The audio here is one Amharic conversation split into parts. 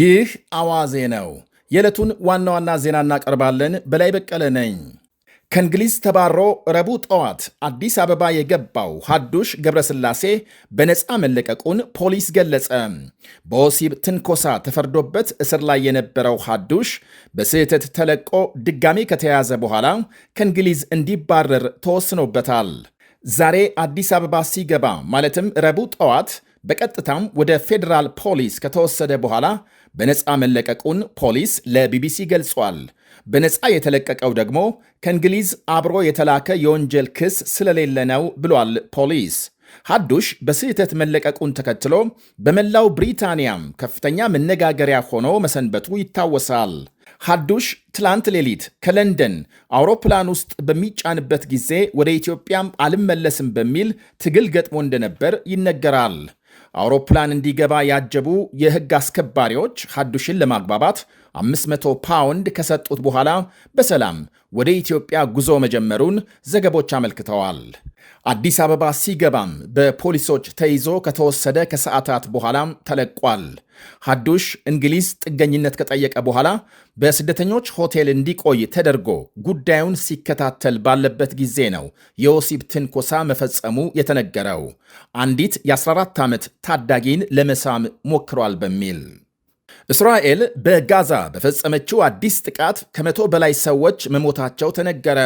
ይህ አዋዜ ነው። የዕለቱን ዋና ዋና ዜና እናቀርባለን። በላይ በቀለ ነኝ። ከእንግሊዝ ተባሮ ረቡዕ ጠዋት አዲስ አበባ የገባው ሐዱሽ ገብረስላሴ በነፃ መለቀቁን ፖሊስ ገለጸ። በወሲብ ትንኮሳ ተፈርዶበት እስር ላይ የነበረው ሐዱሽ በስህተት ተለቆ ድጋሜ ከተያዘ በኋላ ከእንግሊዝ እንዲባረር ተወስኖበታል። ዛሬ አዲስ አበባ ሲገባ ማለትም ረቡዕ ጠዋት በቀጥታም ወደ ፌዴራል ፖሊስ ከተወሰደ በኋላ በነፃ መለቀቁን ፖሊስ ለቢቢሲ ገልጿል። በነፃ የተለቀቀው ደግሞ ከእንግሊዝ አብሮ የተላከ የወንጀል ክስ ስለሌለ ነው ብሏል ፖሊስ። ሐዱሽ በስህተት መለቀቁን ተከትሎ በመላው ብሪታንያም ከፍተኛ መነጋገሪያ ሆኖ መሰንበቱ ይታወሳል። ሐዱሽ ትላንት ሌሊት ከለንደን አውሮፕላን ውስጥ በሚጫንበት ጊዜ ወደ ኢትዮጵያም አልመለስም በሚል ትግል ገጥሞ እንደነበር ይነገራል። አውሮፕላን እንዲገባ ያጀቡ የሕግ አስከባሪዎች ሐዱሽን ለማግባባት 500 ፓውንድ ከሰጡት በኋላ በሰላም ወደ ኢትዮጵያ ጉዞ መጀመሩን ዘገቦች አመልክተዋል። አዲስ አበባ ሲገባም በፖሊሶች ተይዞ ከተወሰደ ከሰዓታት በኋላም ተለቋል። ሐዱሽ እንግሊዝ ጥገኝነት ከጠየቀ በኋላ በስደተኞች ሆቴል እንዲቆይ ተደርጎ ጉዳዩን ሲከታተል ባለበት ጊዜ ነው የወሲብ ትንኮሳ መፈጸሙ የተነገረው። አንዲት የ14 ዓመት ታዳጊን ለመሳም ሞክሯል በሚል እስራኤል በጋዛ በፈጸመችው አዲስ ጥቃት ከመቶ በላይ ሰዎች መሞታቸው ተነገረ።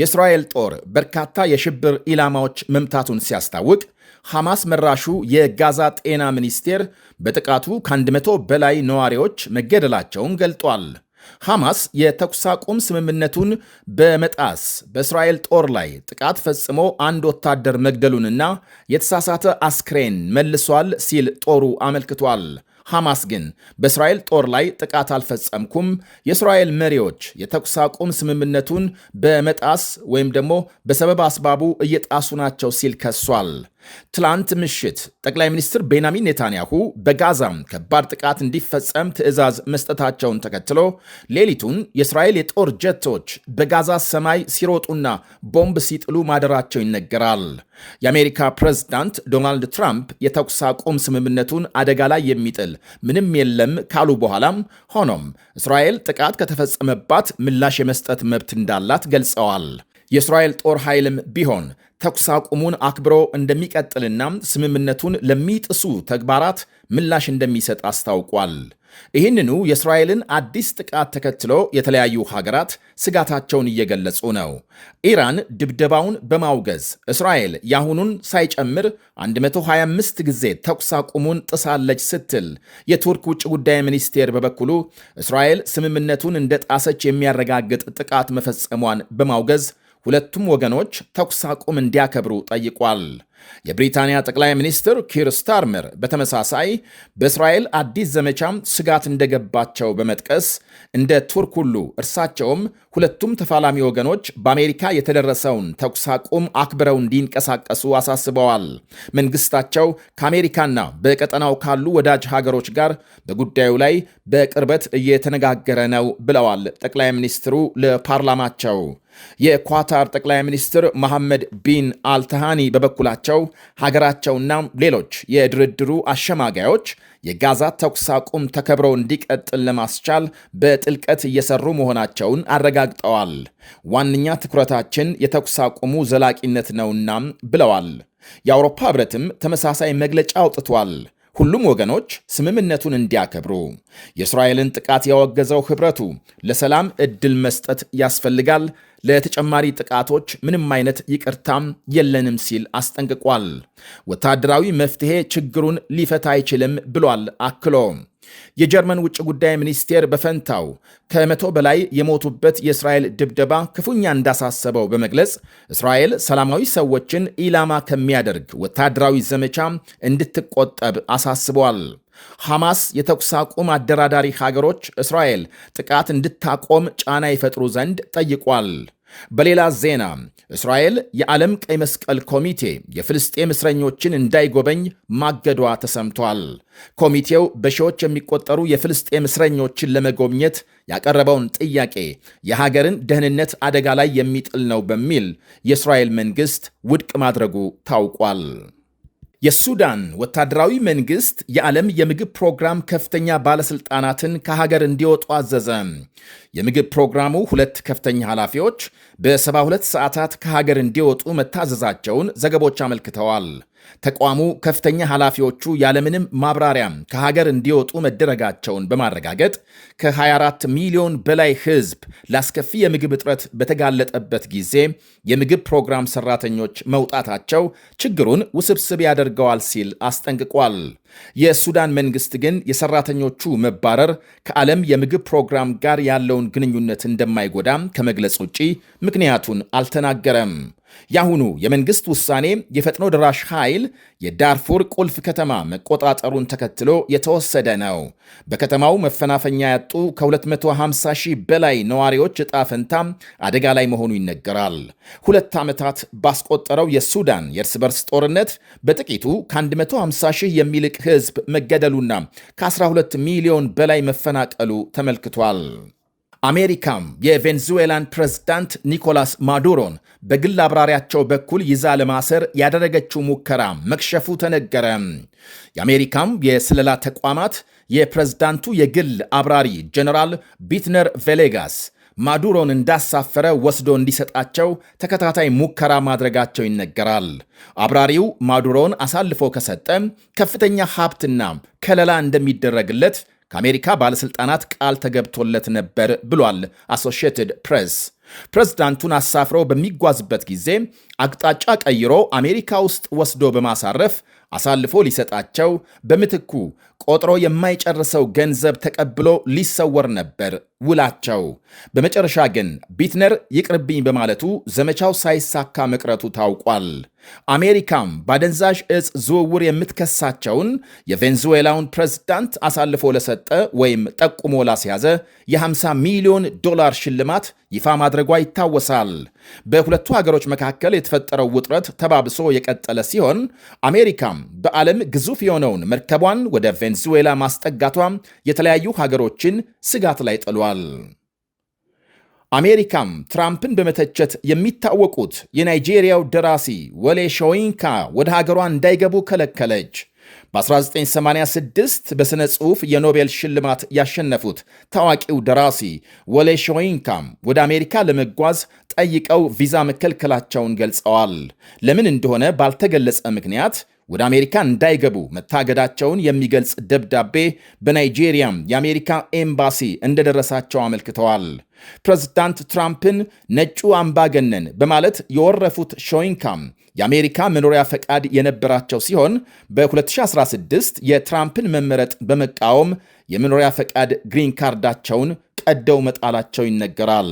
የእስራኤል ጦር በርካታ የሽብር ኢላማዎች መምታቱን ሲያስታውቅ ሐማስ መራሹ የጋዛ ጤና ሚኒስቴር በጥቃቱ ከ100 በላይ ነዋሪዎች መገደላቸውን ገልጧል። ሐማስ የተኩስ አቁም ስምምነቱን በመጣስ በእስራኤል ጦር ላይ ጥቃት ፈጽሞ አንድ ወታደር መግደሉንና የተሳሳተ አስክሬን መልሷል ሲል ጦሩ አመልክቷል። ሐማስ ግን በእስራኤል ጦር ላይ ጥቃት አልፈጸምኩም፣ የእስራኤል መሪዎች የተኩስ አቁም ስምምነቱን በመጣስ ወይም ደግሞ በሰበብ አስባቡ እየጣሱ ናቸው ሲል ከሷል። ትላንት ምሽት ጠቅላይ ሚኒስትር ቤንያሚን ኔታንያሁ በጋዛም ከባድ ጥቃት እንዲፈጸም ትዕዛዝ መስጠታቸውን ተከትሎ ሌሊቱን የእስራኤል የጦር ጀቶች በጋዛ ሰማይ ሲሮጡና ቦምብ ሲጥሉ ማደራቸው ይነገራል። የአሜሪካ ፕሬዝዳንት ዶናልድ ትራምፕ የተኩስ አቁም ስምምነቱን አደጋ ላይ የሚጥል ምንም የለም ካሉ በኋላም ሆኖም እስራኤል ጥቃት ከተፈጸመባት ምላሽ የመስጠት መብት እንዳላት ገልጸዋል። የእስራኤል ጦር ኃይልም ቢሆን ተኩስ አቁሙን አክብሮ እንደሚቀጥልና ስምምነቱን ለሚጥሱ ተግባራት ምላሽ እንደሚሰጥ አስታውቋል። ይህንኑ የእስራኤልን አዲስ ጥቃት ተከትሎ የተለያዩ ሀገራት ስጋታቸውን እየገለጹ ነው። ኢራን ድብደባውን በማውገዝ እስራኤል የአሁኑን ሳይጨምር 125 ጊዜ ተኩስ አቁሙን ጥሳለች ስትል፣ የቱርክ ውጭ ጉዳይ ሚኒስቴር በበኩሉ እስራኤል ስምምነቱን እንደ ጣሰች የሚያረጋግጥ ጥቃት መፈጸሟን በማውገዝ ሁለቱም ወገኖች ተኩስ አቁም እንዲያከብሩ ጠይቋል። የብሪታንያ ጠቅላይ ሚኒስትር ኪር ስታርመር በተመሳሳይ በእስራኤል አዲስ ዘመቻም ስጋት እንደገባቸው በመጥቀስ እንደ ቱርክ ሁሉ እርሳቸውም ሁለቱም ተፋላሚ ወገኖች በአሜሪካ የተደረሰውን ተኩስ አቁም አክብረው እንዲንቀሳቀሱ አሳስበዋል። መንግስታቸው ከአሜሪካና በቀጠናው ካሉ ወዳጅ ሀገሮች ጋር በጉዳዩ ላይ በቅርበት እየተነጋገረ ነው ብለዋል ጠቅላይ ሚኒስትሩ ለፓርላማቸው። የኳታር ጠቅላይ ሚኒስትር መሐመድ ቢን አልተሃኒ በበኩላቸው ያላቸው ሀገራቸውና ሌሎች የድርድሩ አሸማጋዮች የጋዛ ተኩስ አቁም ተከብሮ እንዲቀጥል ለማስቻል በጥልቀት እየሰሩ መሆናቸውን አረጋግጠዋል። ዋነኛ ትኩረታችን የተኩስ አቁሙ ዘላቂነት ነውና ብለዋል። የአውሮፓ ህብረትም ተመሳሳይ መግለጫ አውጥቷል። ሁሉም ወገኖች ስምምነቱን እንዲያከብሩ የእስራኤልን ጥቃት ያወገዘው ኅብረቱ ለሰላም ዕድል መስጠት ያስፈልጋል፣ ለተጨማሪ ጥቃቶች ምንም አይነት ይቅርታም የለንም ሲል አስጠንቅቋል። ወታደራዊ መፍትሔ ችግሩን ሊፈታ አይችልም ብሏል አክሎ የጀርመን ውጭ ጉዳይ ሚኒስቴር በፈንታው ከመቶ በላይ የሞቱበት የእስራኤል ድብደባ ክፉኛ እንዳሳሰበው በመግለጽ እስራኤል ሰላማዊ ሰዎችን ኢላማ ከሚያደርግ ወታደራዊ ዘመቻ እንድትቆጠብ አሳስቧል። ሐማስ የተኩስ አቁም አደራዳሪ ሀገሮች እስራኤል ጥቃት እንድታቆም ጫና ይፈጥሩ ዘንድ ጠይቋል። በሌላ ዜና እስራኤል የዓለም ቀይ መስቀል ኮሚቴ የፍልስጤም እስረኞችን እንዳይጎበኝ ማገዷ ተሰምቷል። ኮሚቴው በሺዎች የሚቆጠሩ የፍልስጤም እስረኞችን ለመጎብኘት ያቀረበውን ጥያቄ የሀገርን ደህንነት አደጋ ላይ የሚጥል ነው በሚል የእስራኤል መንግሥት ውድቅ ማድረጉ ታውቋል። የሱዳን ወታደራዊ መንግስት የዓለም የምግብ ፕሮግራም ከፍተኛ ባለሥልጣናትን ከሀገር እንዲወጡ አዘዘ። የምግብ ፕሮግራሙ ሁለት ከፍተኛ ኃላፊዎች በ72 ሰዓታት ከሀገር እንዲወጡ መታዘዛቸውን ዘገቦች አመልክተዋል። ተቋሙ ከፍተኛ ኃላፊዎቹ ያለምንም ማብራሪያም ከሀገር እንዲወጡ መደረጋቸውን በማረጋገጥ ከ24 ሚሊዮን በላይ ሕዝብ ላስከፊ የምግብ እጥረት በተጋለጠበት ጊዜ የምግብ ፕሮግራም ሰራተኞች መውጣታቸው ችግሩን ውስብስብ ያደርገዋል ሲል አስጠንቅቋል። የሱዳን መንግስት ግን የሰራተኞቹ መባረር ከዓለም የምግብ ፕሮግራም ጋር ያለውን ግንኙነት እንደማይጎዳም ከመግለጽ ውጪ ምክንያቱን አልተናገረም። የአሁኑ የመንግስት ውሳኔ የፈጥኖ ድራሽ ኃይል የዳርፉር ቁልፍ ከተማ መቆጣጠሩን ተከትሎ የተወሰደ ነው። በከተማው መፈናፈኛ ያጡ ከ250 ሺህ በላይ ነዋሪዎች ዕጣ ፈንታ አደጋ ላይ መሆኑ ይነገራል። ሁለት ዓመታት ባስቆጠረው የሱዳን የእርስ በርስ ጦርነት በጥቂቱ ከ150 ሺህ የሚልቅ ሕዝብ መገደሉና ከ12 ሚሊዮን በላይ መፈናቀሉ ተመልክቷል። አሜሪካም የቬንዙዌላን ፕሬዝዳንት ኒኮላስ ማዱሮን በግል አብራሪያቸው በኩል ይዛ ለማሰር ያደረገችው ሙከራ መክሸፉ ተነገረ። የአሜሪካም የስለላ ተቋማት የፕሬዝዳንቱ የግል አብራሪ ጀነራል ቢትነር ቬሌጋስ ማዱሮን እንዳሳፈረ ወስዶ እንዲሰጣቸው ተከታታይ ሙከራ ማድረጋቸው ይነገራል። አብራሪው ማዱሮን አሳልፎ ከሰጠ ከፍተኛ ሀብትና ከለላ እንደሚደረግለት ከአሜሪካ ባለሥልጣናት ቃል ተገብቶለት ነበር ብሏል አሶሺየትድ ፕሬስ። ፕሬዝዳንቱን አሳፍረው በሚጓዝበት ጊዜ አቅጣጫ ቀይሮ አሜሪካ ውስጥ ወስዶ በማሳረፍ አሳልፎ ሊሰጣቸው፣ በምትኩ ቆጥሮ የማይጨርሰው ገንዘብ ተቀብሎ ሊሰወር ነበር ውላቸው። በመጨረሻ ግን ቢትነር ይቅርብኝ በማለቱ ዘመቻው ሳይሳካ መቅረቱ ታውቋል። አሜሪካም ባደንዛዥ እጽ ዝውውር የምትከሳቸውን የቬንዙዌላውን ፕሬዝዳንት አሳልፎ ለሰጠ ወይም ጠቁሞ ላስያዘ የ50 ሚሊዮን ዶላር ሽልማት ይፋ ማድረጓ ይታወሳል። በሁለቱ ሀገሮች መካከል የተፈጠረው ውጥረት ተባብሶ የቀጠለ ሲሆን አሜሪካም በዓለም ግዙፍ የሆነውን መርከቧን ወደ ቬንዙዌላ ማስጠጋቷ የተለያዩ ሀገሮችን ስጋት ላይ ጥሏል። አሜሪካም ትራምፕን በመተቸት የሚታወቁት የናይጄሪያው ደራሲ ወሌ ሾይንካ ወደ ሀገሯ እንዳይገቡ ከለከለች። በ1986 በሥነ ጽሑፍ የኖቤል ሽልማት ያሸነፉት ታዋቂው ደራሲ ወሌ ሾይንካም ወደ አሜሪካ ለመጓዝ ጠይቀው ቪዛ መከልከላቸውን ገልጸዋል። ለምን እንደሆነ ባልተገለጸ ምክንያት ወደ አሜሪካ እንዳይገቡ መታገዳቸውን የሚገልጽ ደብዳቤ በናይጄሪያም የአሜሪካ ኤምባሲ እንደደረሳቸው አመልክተዋል። ፕሬዝዳንት ትራምፕን ነጩ አምባገነን በማለት የወረፉት ሾይንካም የአሜሪካ መኖሪያ ፈቃድ የነበራቸው ሲሆን በ2016 የትራምፕን መመረጥ በመቃወም የመኖሪያ ፈቃድ ግሪን ካርዳቸውን ቀደው መጣላቸው ይነገራል።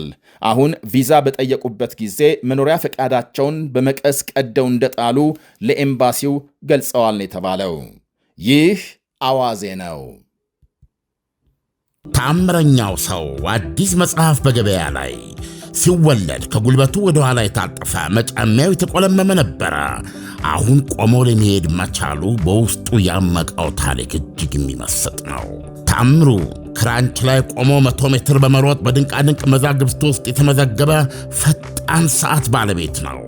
አሁን ቪዛ በጠየቁበት ጊዜ መኖሪያ ፈቃዳቸውን በመቀስ ቀደው እንደጣሉ ለኤምባሲው ገልጸዋል ነው የተባለው። ይህ አዋዜ ነው። ታምረኛው ሰው አዲስ መጽሐፍ በገበያ ላይ ሲወለድ ከጉልበቱ ወደ ኋላ የታጠፈ መጫሚያው የተቆለመመ ነበረ። አሁን ቆሞ ለመሄድ መቻሉ በውስጡ ያመቃው ታሪክ እጅግ የሚመስጥ ነው። ታምሩ ክራንች ላይ ቆሞ መቶ ሜትር በመሮጥ በድንቃድንቅ መዛግብት ውስጥ የተመዘገበ ፈጣን ሰዓት ባለቤት ነው።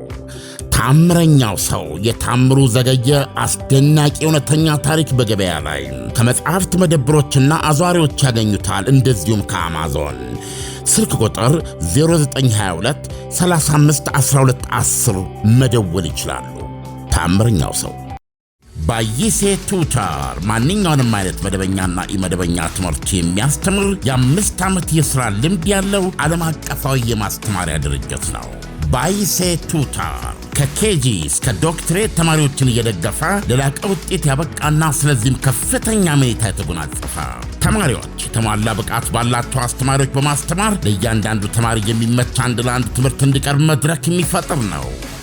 ታምረኛው ሰው የታምሩ ዘገየ አስደናቂ እውነተኛ ታሪክ በገበያ ላይ ከመጽሐፍት መደብሮችና አዟሪዎች ያገኙታል። እንደዚሁም ከአማዞን ስልክ ቁጥር 0922 35 1210 መደወል ይችላሉ። ታምረኛው ሰው ባይሴ ቱታር ማንኛውንም አይነት መደበኛና ኢመደበኛ ትምህርት የሚያስተምር የአምስት ዓመት የሥራ ልምድ ያለው ዓለም አቀፋዊ የማስተማሪያ ድርጅት ነው። ባይሴ ቱታር ከኬጂ እስከ ዶክትሬት ተማሪዎችን እየደገፈ ለላቀ ውጤት ያበቃና ስለዚህም ከፍተኛ መኔታ የተጎናጸፈ ተማሪዎች የተሟላ ብቃት ባላቸው አስተማሪዎች በማስተማር ለእያንዳንዱ ተማሪ የሚመች አንድ ለአንድ ትምህርት እንዲቀርብ መድረክ የሚፈጥር ነው።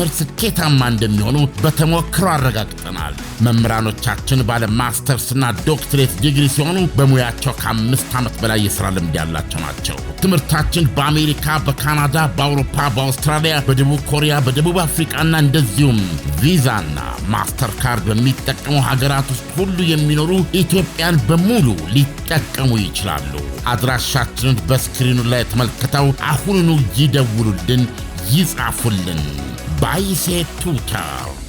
በትምህርት ስኬታማ እንደሚሆኑ በተሞክሮ አረጋግጠናል። መምህራኖቻችን ባለ ማስተርስና ዶክትሬት ዲግሪ ሲሆኑ በሙያቸው ከአምስት ዓመት በላይ የሥራ ልምድ ያላቸው ናቸው። ትምህርታችን በአሜሪካ፣ በካናዳ፣ በአውሮፓ፣ በአውስትራሊያ፣ በደቡብ ኮሪያ፣ በደቡብ አፍሪቃና እንደዚሁም ቪዛና ማስተር ካርድ በሚጠቀሙ ሀገራት ውስጥ ሁሉ የሚኖሩ ኢትዮጵያን በሙሉ ሊጠቀሙ ይችላሉ። አድራሻችንን በስክሪኑ ላይ ተመልክተው አሁኑኑ ይደውሉልን፣ ይጻፉልን። Bajse Total.